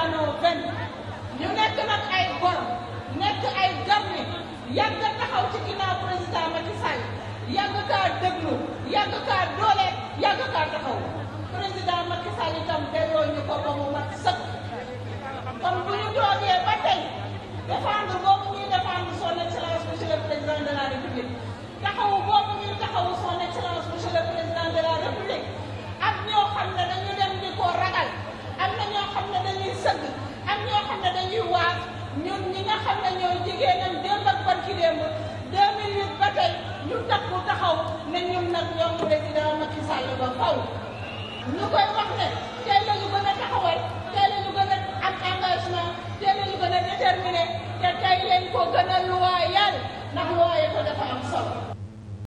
daanoo nekk nag ay gor nekk ay garmi yàgg taxaw ci ginnaaw président Macky Sall yàgg kaa déglu yàgg kaa doole yàgg kaa taxaw sëgg am ñoo xam ne dañuy waas ñun ñi nga xam ne ñooy jigéenam démb ak barki démb 2008 ba tey ñu takku taxaw ne ñun nag ñoom président Macky Sall ba faw ñu koy wax ne tey la ñu gën a taxawal tey la ñu gën a am engagement tey la ñu gën a déterminé te tey leen ko gën a luwaayal ndax luwaaye ko dafa am solo